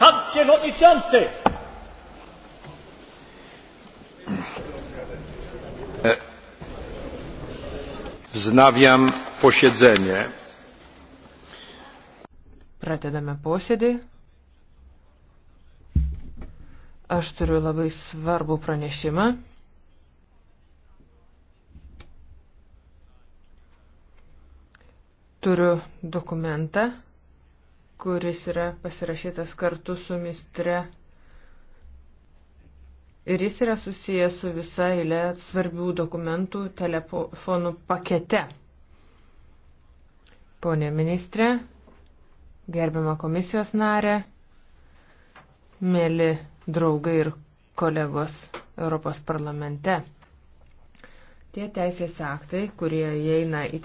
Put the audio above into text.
Pan Przewodniczący! E, wznawiam posiedzenie. Pradedame posėdį. Aš turiu labai svarbų pranešimą. Turiu dokumentą kuris yra pasirašytas kartu su mistre. Ir jis yra susijęs su visa eilė svarbių dokumentų telefonų pakete. Pone ministrė, gerbiama komisijos narė, mėly draugai ir kolegos Europos parlamente. Tie teisės aktai, kurie įeina į